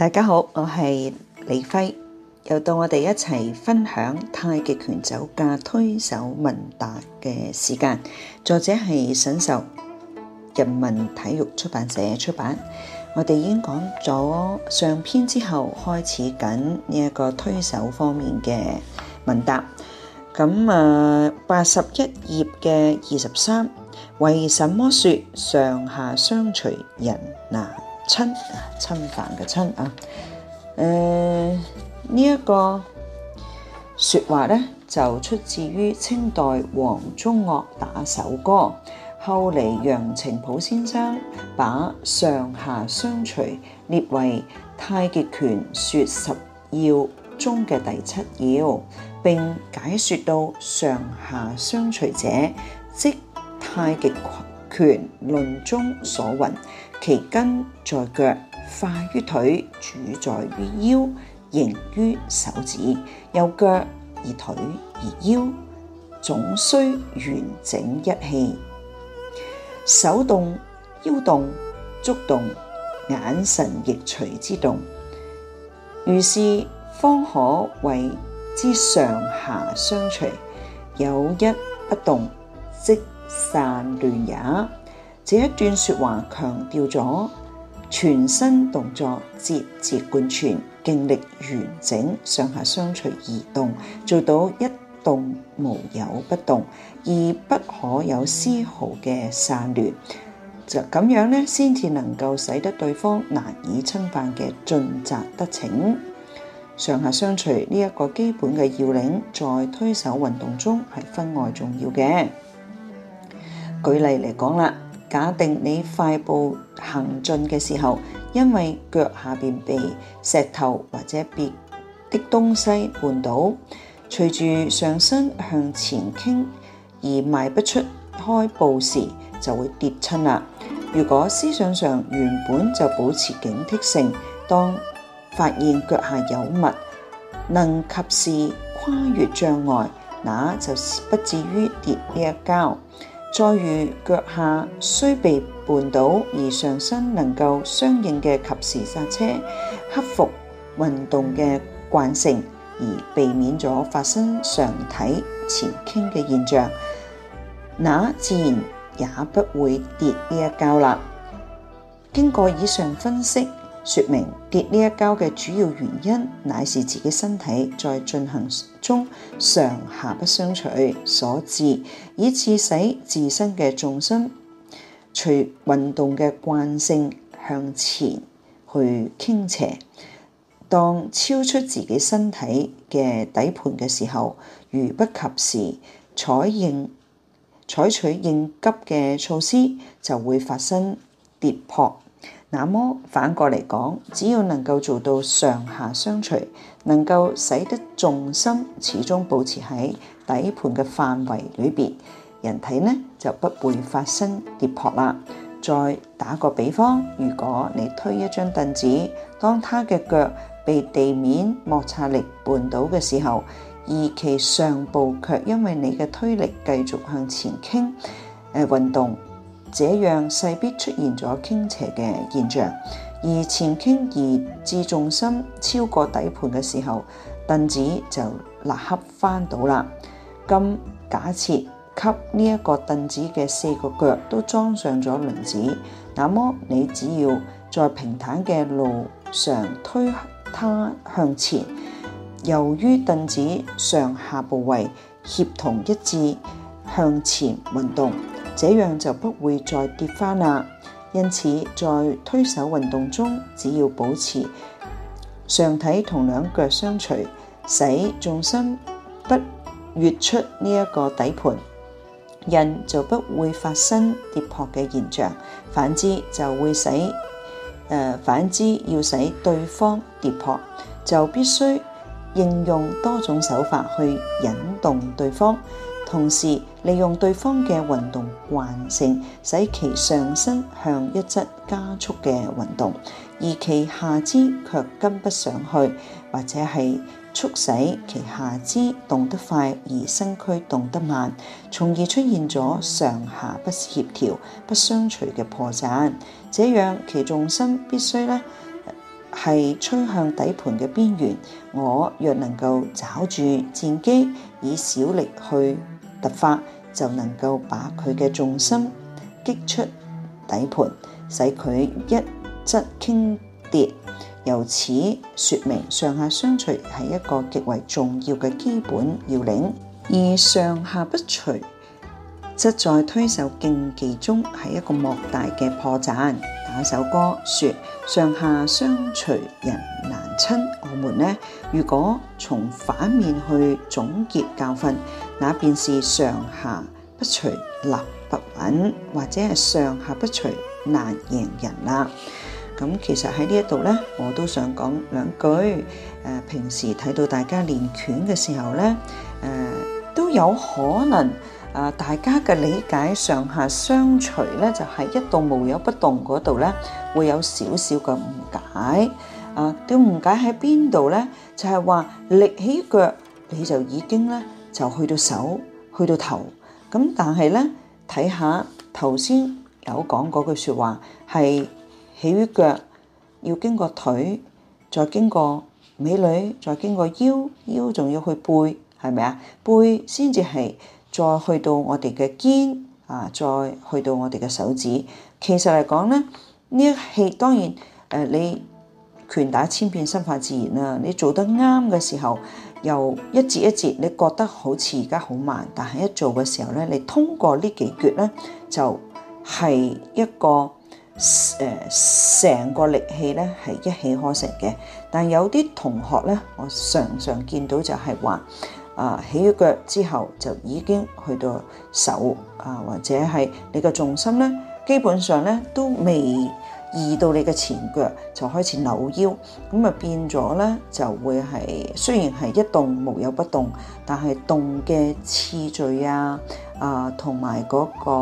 大家好，我係李輝，又到我哋一齊分享太極拳走架推手問答嘅時間。作者係沈壽，人民體育出版社出版。我哋已經講咗上篇之後，開始緊呢一個推手方面嘅問答。咁啊，八十一頁嘅二十三，為什麼說上下相隨人難？親，親，親啊，侵嘅親啊，誒，呢一個說話咧就出自於清代王宗岳打手歌，後嚟楊澄甫先生把上下相隨列為太極拳說十要中嘅第七要，並解說到上下相隨者，即太極拳論中所云。其根在腳，化於腿，主在於腰，形於手指。由腳而腿而腰，總須完整一氣。手動、腰動、足動、眼神亦隨之動，如是方可為之上下相隨。有一不動，即散亂也。這一段説話強調咗全身動作節節貫穿，勁力完整，上下相隨移動，做到一動無有不動，而不可有絲毫嘅散亂。就咁樣呢，先至能夠使得對方難以侵犯嘅進襲得逞。上下相隨呢一個基本嘅要領，在推手運動中係分外重要嘅。舉例嚟講啦～假定你快步行進嘅時候，因為腳下邊被石頭或者別的東西絆倒，隨住上身向前傾而邁不出開步時就會跌親啦。如果思想上原本就保持警惕性，當發現腳下有物，能及時跨越障礙，那就不至於跌呢一跤。再如腳下需被絆倒，而上身能夠相應嘅及時剎車，克服運動嘅慣性，而避免咗發生上體前傾嘅現象，那自然也不會跌呢一跤啦。經過以上分析，說明跌呢一跤嘅主要原因，乃是自己身體在進行中上下不相隨所致，以致使自身嘅重心隨運動嘅慣性向前去傾斜。當超出自己身體嘅底盤嘅時候，如不及時採應採取應急嘅措施，就會發生跌撲。那麼反過嚟講，只要能夠做到上下相隨，能夠使得重心始終保持喺底盤嘅範圍裏邊，人體呢就不會發生跌扑啦。再打個比方，如果你推一張凳子，當它嘅腳被地面摩擦力絆倒嘅時候，而其上部卻因為你嘅推力繼續向前傾，誒、呃、運動。這樣勢必出現咗傾斜嘅現象，而前傾而至重心超過底盤嘅時候，凳子就立刻翻倒啦。咁假設給呢一個凳子嘅四個腳都裝上咗輪子，那麼你只要在平坦嘅路上推它向前，由於凳子上下部位協同一致向前運動。這樣就不會再跌翻啦。因此，在推手運動中，只要保持上體同兩腳相隨，使重心不越出呢一個底盤，人就不會發生跌撲嘅現象。反之，就會使誒、呃，反之要使對方跌撲，就必須應用多種手法去引動對方。同時利用對方嘅運動慣性，使其上身向一側加速嘅運動，而其下肢卻跟不上去，或者係促使其下肢動得快，而身軀動得慢，從而出現咗上下不協調、不相隨嘅破綻。這樣其重心必須呢係趨向底盤嘅邊緣。我若能夠抓住戰機，以小力去。突發就能夠把佢嘅重心擊出底盤，使佢一側傾跌。由此説明，上下相隨係一個極為重要嘅基本要領，而上下不隨則在推手競技中係一個莫大嘅破綻。那首歌說上下相隨人難親，我們呢，如果從反面去總結教訓，那便是上下不隨立不穩，或者係上下不隨難贏人啦。咁其實喺呢一度呢，我都想講兩句。誒，平時睇到大家練拳嘅時候呢，誒都有可能。啊！大家嘅理解上下相隨咧，就喺一動無有不動嗰度咧，會有少少嘅誤解。啊，啲誤解喺邊度咧？就係話力起腳你就已經咧就去到手，去到頭。咁但係咧，睇下頭先有講嗰句説話，係起於腳，要經過腿，再經過美女，再經過腰，腰仲要去背，係咪啊？背先至係。再去到我哋嘅肩啊，再去到我哋嘅手指。其實嚟講咧，呢一氣當然誒，你拳打千遍，身法自然啊。你做得啱嘅時候，又一節一節，你覺得好似而家好慢，但係一做嘅時候咧，你通過呢幾腳咧，就係一個誒成個力氣咧，係一氣呵成嘅。但係有啲同學咧，我常常見到就係話。啊！起咗腳之後就已經去到手啊，或者係你個重心咧，基本上咧都未移到你嘅前腳，就開始扭腰咁啊，變咗咧就會係雖然係一動無有不動，但係動嘅次序啊啊同埋嗰個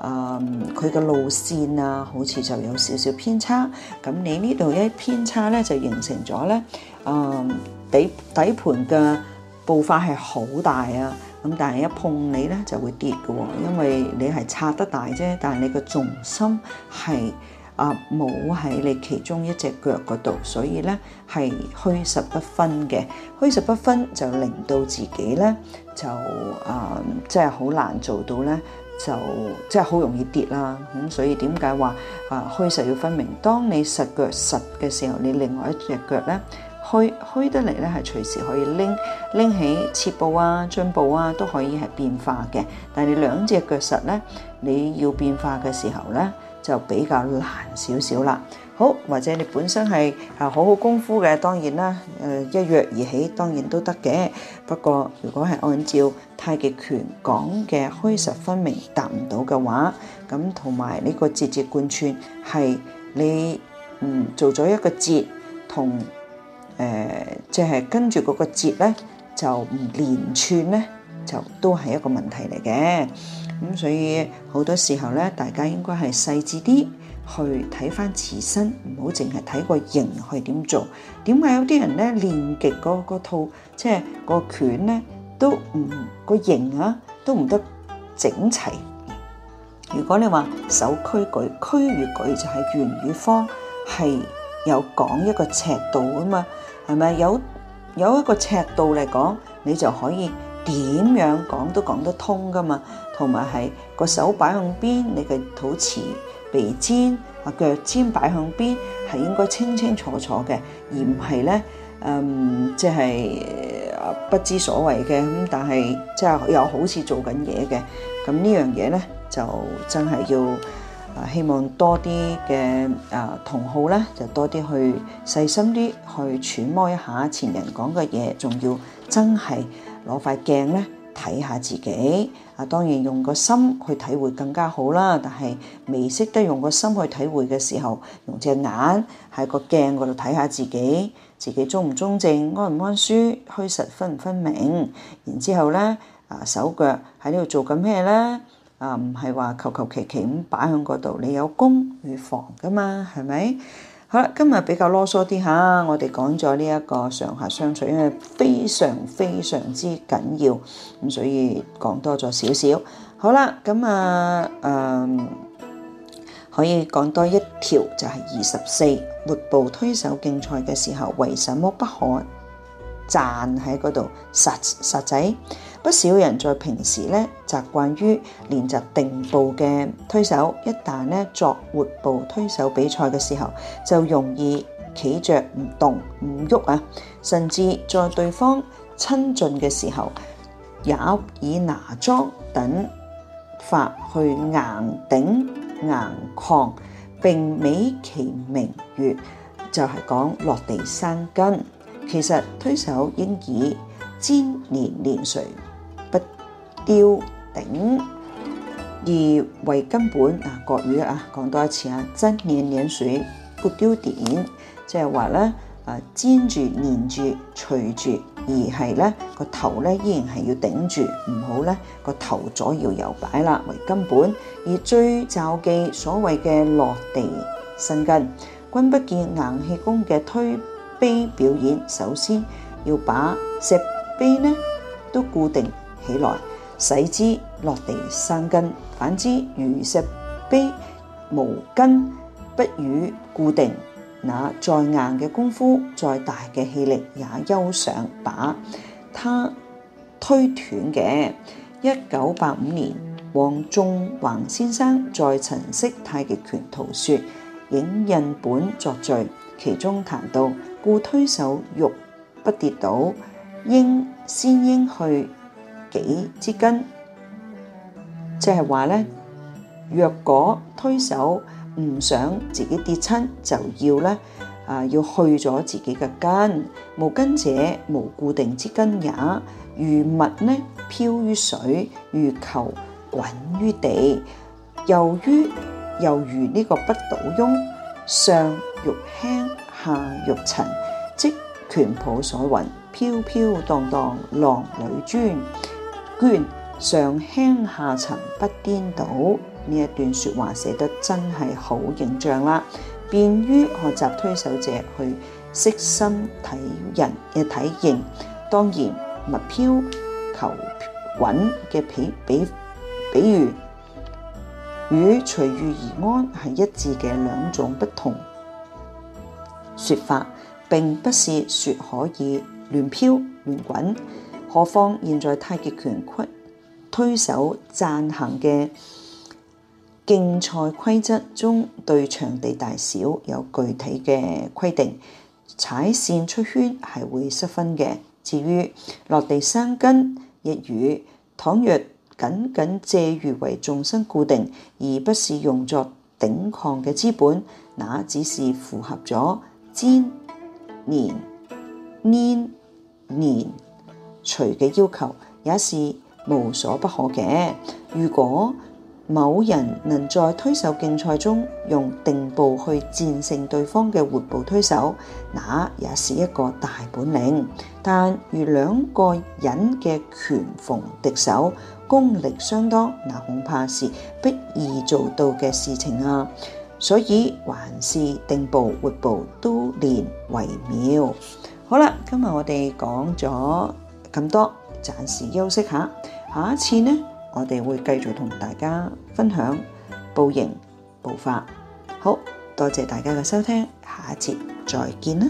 啊佢嘅路線啊，好似就有少少偏差。咁你呢度一偏差咧，就形成咗咧啊底底盤嘅。步伐係好大啊，咁但係一碰你呢就會跌嘅喎，因為你係撐得大啫，但係你個重心係啊冇喺你其中一隻腳嗰度，所以呢係虛實不分嘅，虛實不分就令到自己呢就啊即係好難做到呢，就即係好容易跌啦，咁所以點解話啊虛實要分明？當你實腳實嘅時候，你另外一隻腳呢。虛虛得嚟咧，係隨時可以拎拎起切步啊、進步啊，都可以係變化嘅。但係你兩隻腳實咧，你要變化嘅時候咧，就比較難少少啦。好，或者你本身係啊好好功夫嘅，當然啦，誒、呃、一躍而起當然都得嘅。不過如果係按照太極拳講嘅虛實分明達唔到嘅話，咁同埋呢個節節貫串係你嗯做咗一個節同。誒，即係跟住嗰個節咧，就唔連串咧，就都係一個問題嚟嘅。咁所以好多時候咧，大家應該係細緻啲去睇翻自身，唔好淨係睇個形去點做。點解有啲人咧，練極嗰個套，即係個拳咧都唔個形啊，都唔得整齊。如果你話手區舉區與舉就係圓與方係。有講一個尺度啊嘛，係咪有有一個尺度嚟講，你就可以點樣講都講得通噶嘛。同埋係個手擺向邊，你嘅肚臍、鼻尖啊、腳尖擺向邊，係應該清清楚楚嘅，而唔係咧，嗯，即係不知所謂嘅咁。但係即係又好似做緊嘢嘅，咁呢樣嘢咧就真係要。希望多啲嘅啊同好咧，就多啲去細心啲去揣摩一下前人講嘅嘢，仲要真係攞塊鏡咧睇下自己。啊，當然用個心去體會更加好啦。但係未識得用個心去體會嘅時候，用隻眼喺個鏡嗰度睇下自己，自己中唔中正，安唔安舒，虛實分唔分明。然之後咧啊，手腳喺呢度做緊咩咧？啊，唔係話求求其其咁擺喺嗰度，你有攻與防噶嘛，係咪？好啦，今日比較囉嗦啲嚇，我哋講咗呢一個上下相處，因為非常非常之緊要，咁所以講多咗少少。好啦，咁、嗯、啊，誒可以講多一條就係二十四活步推手競賽嘅時候，為什麼不可站喺嗰度實實仔？不少人在平時咧習慣於練習定步嘅推手，一旦咧作活步推手比賽嘅時候，就容易企着唔動唔喐啊，甚至在對方親近嘅時候，也以拿樁等法去硬頂硬抗，並美其名曰就係、是、講落地生根。其實推手應以粘連連隨。吊頂而為根本啊！國語啊，講多一次捻捻、就是、說啊，真粘粘水個吊頂，即係話咧啊，粘住、粘住、隨住，而係咧個頭咧依然係要頂住，唔好咧個頭左搖右擺啦。為根本而最罩忌所謂嘅落地生根，君不見硬氣功嘅推碑表演，首先要把石碑咧都固定起來。使之落地生根，反之如石碑無根不予固定，那再硬嘅功夫，再大嘅氣力也休想把它推斷嘅。一九八五年，黃仲華先生在《陳式太極拳圖說》影印本作序，其中談到：故推手欲不跌倒，應先應去。己之根，即係話咧，若果推手唔想自己跌親，就要咧啊，要去咗自己嘅根。無根者，無固定之根也。如物呢漂於水，如球滾於地。由於又如呢個不倒翁，上欲輕，下欲沉，即拳譜所云：飄飄蕩蕩，浪裏鑽。滾上輕下沉，不顛倒，呢一段說話寫得真係好形象啦，便於學習推手者去悉心睇人嘅、呃、體型。當然物飄求滾嘅比比，比喻與隨遇而安係一致嘅兩種不同說法，並不是說可以亂飄亂滾。何況現在太極拳推手暫行嘅競賽規則中，對場地大小有具體嘅規定，踩線出圈係會失分嘅。至於落地生根一語，倘若僅僅借喻為重心固定，而不是用作頂抗嘅資本，那只是符合咗粘黏粘黏。除嘅要求也是無所不可嘅。如果某人能在推手競賽中用定步去戰勝對方嘅活步推手，那也是一個大本領。但如兩個人嘅拳逢敵手，功力相當，那恐怕是不易做到嘅事情啊。所以還是定步、活步都練為妙。好啦，今日我哋講咗咁多，暫時休息下，下一次呢，我哋會繼續同大家分享步形步法。好，多謝大家嘅收聽，下一次再見啦。